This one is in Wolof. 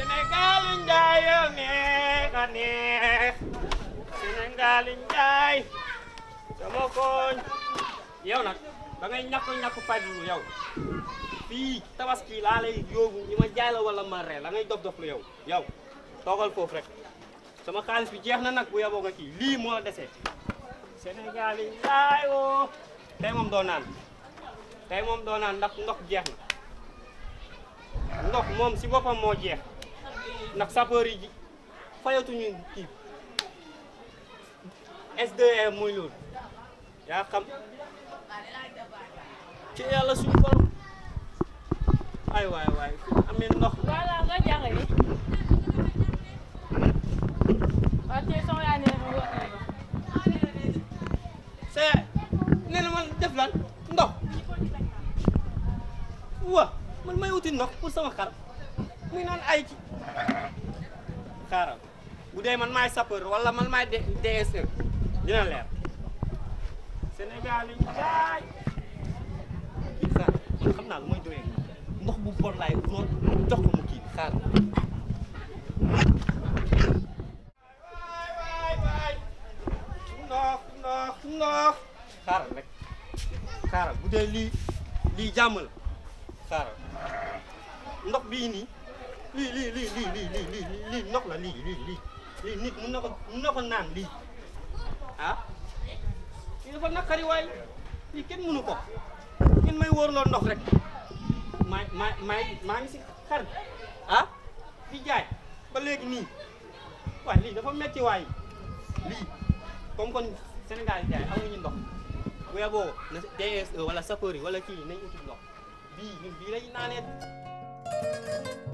Sénégal njaay yow neex neex Sénégal sama koñ yow nag da ngay ñàkk ñàkk fajlu yow fii tabaski laa lay yóbbu ñi ma jaay la wala ma ree la ngay dof lu yow yow toogal foofu rek sama xaalis bi jeex na nag bu yaboo nga kii lii moo la desee Sénégal njaay woo oh. tey moom doo naan moom doo naan ndax jeex na ndox moom si boppam moo jeex ndax sapeur yi fayatuñu kii SDE mooy loolu yaa xam ci yàlla suñu borom ay waay waay amee ndox voilà nga jàngale sa yaay nee na man def lan ndox wa man may wuti ndox pour sama xar muy naan ay ci xaaral bu dee man maay sapeur wala man maay DSE dina leer Sénégal yi jaay xaaral man xam naa lu may doyee ndox bu bon laay noor jox ko mu kii xaaral ndox ndox ndox xaaral rek xaaral bu dee lii lii jàmm la xaaral ndox bii nii lii lii lii lii lii lii lii lii ndox la lii lii lii lii nit mun na ko mun na ko naan lii ah lii dafa naqari waay lii kenn mënu ko kenn may wóorloo ndox rek maa maa maa maa ngi si xar ah di jaay ba léegi nii waay lii dafa metti waay lii comme kon Sénégal jaay amuñu ndox wee boo na DSE wala sapeur yi wala kii nañ uti ndox bii ñun bii lañ naanee